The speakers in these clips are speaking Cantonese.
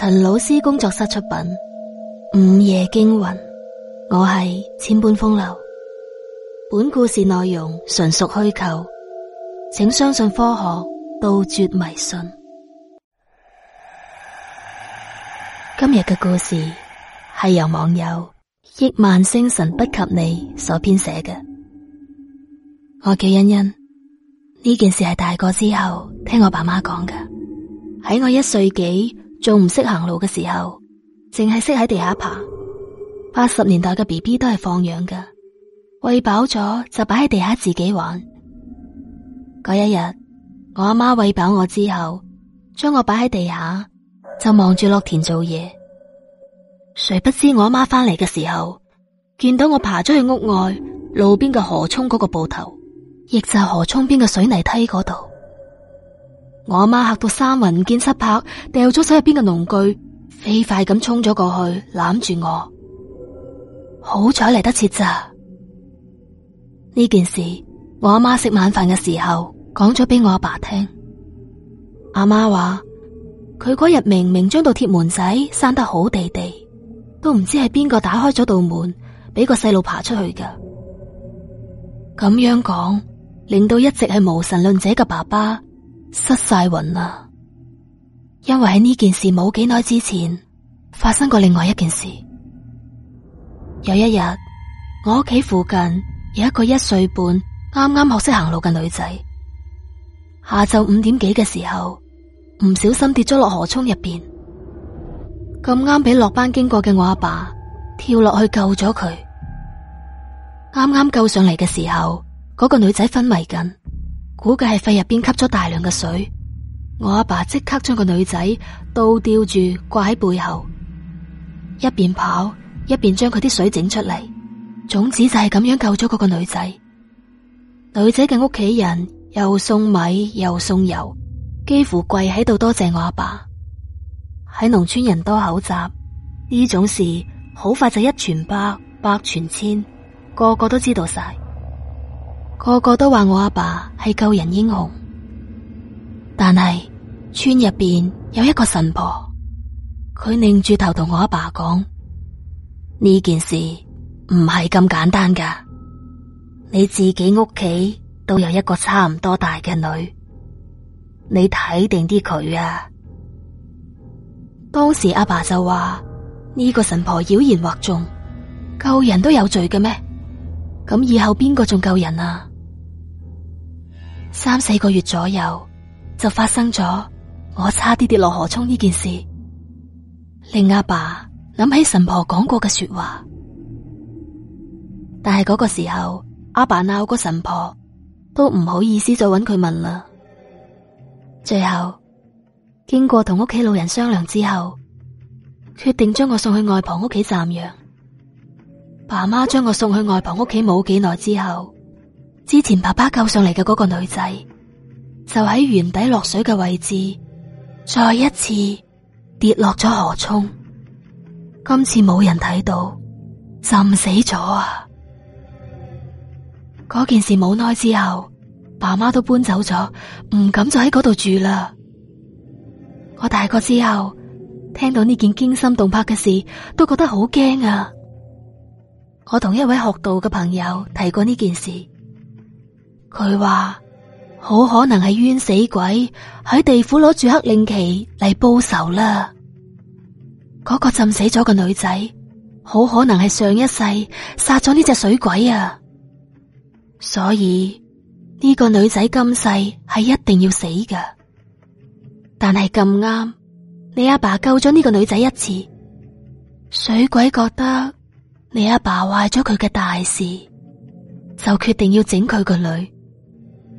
陳老師工作室出品《午夜驚魂》，我係千般風流。本故事內容純屬虛構，請相信科學，杜絕迷信。今日嘅故事係由網友億萬星辰不及你所編寫嘅。我叫欣欣，呢件事係大個之後聽我爸媽講嘅。喺我一歲幾，仲唔識行路嘅時候，淨係識喺地下爬。八十年代嘅 BB 都係放養噶，餵飽咗就擺喺地下自己玩。嗰一日，我阿媽餵飽我之後，將我擺喺地下就望住落田做嘢。誰不知我阿媽翻嚟嘅時候，見到我爬咗去屋外路邊嘅河涌嗰個埠頭，亦就係河涌邊嘅水泥梯嗰度。我阿媽吓到三魂見七魄，掉咗手入邊嘅農具，飛快咁衝咗過去攬住我。好彩嚟得切咋。呢件事我阿媽食晚飯嘅時候講咗俾我阿爸爸聽。阿媽話佢嗰日明明將到鐵門仔閂得好地地，都唔知係邊個打開咗道門，俾個細路爬出去噶。咁樣講，令到一直係無神論者嘅爸爸，失晒魂啦！因為喺呢件事冇幾耐之前，發生過另外一件事。有一日，我屋企附近有一個一歲半啱啱學識行路嘅女仔，下晝五點幾嘅時候，唔小心跌咗落河涌入邊。咁啱俾落班經過嘅我阿爸跳落去救咗佢。啱啱救上嚟嘅時候，嗰個女仔昏迷緊。估計係肺入邊吸咗大量嘅水，我阿爸即刻將個女仔倒吊住掛喺背後，一邊跑一邊將佢啲水整出嚟，總之就係咁樣救咗嗰個女仔。女仔嘅屋企人又送米又送油，幾乎跪喺度多謝我阿爸，爸。喺農村人多口雜，呢種事好快就一傳百，百傳千，個個都知道晒。個個都話我阿爸係救人英雄，但係村入邊有一個神婆，佢擰住頭同我阿爸講：呢件事唔係咁簡單噶，你自己屋企都有一個差唔多大嘅女，你睇定啲佢啊！當時阿爸就話：呢個神婆妖言惑眾，救人都有罪嘅咩？咁以後邊個仲救人啊？三四個月左右，就發生咗我差啲跌，跌落河涌呢件事，令阿爸諗起神婆講過嘅說話。但係嗰個時候，阿爸鬧過神婆，都唔好意思再搵佢問啦。最後經過同屋企老人商量之後，決定將我送去外婆屋企暫養。爸媽將我送去外婆屋企冇幾耐之後。之前爸爸救上嚟嘅嗰個女仔，就喺原底落水嘅位置，再一次跌落咗河涌。今次冇人睇到，浸死咗啊！嗰件事冇耐之後，爸媽都搬走咗，唔敢再喺嗰度住啦。我大個之後，聽到呢件驚心動魄嘅事，都覺得好驚啊！我同一位學道嘅朋友提過呢件事。佢話好可能係冤死鬼喺地府攞住黑令旗嚟報仇啦。嗰個浸死咗個女仔，好可能係上一世殺咗呢隻水鬼啊。所以呢個女仔今世係一定要死噶。但係咁啱，你阿爸救咗呢個女仔一次，水鬼覺得你阿爸壞咗佢嘅大事，就決定要整佢個女。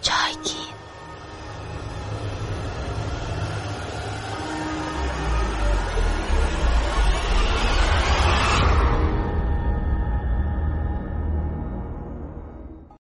再見。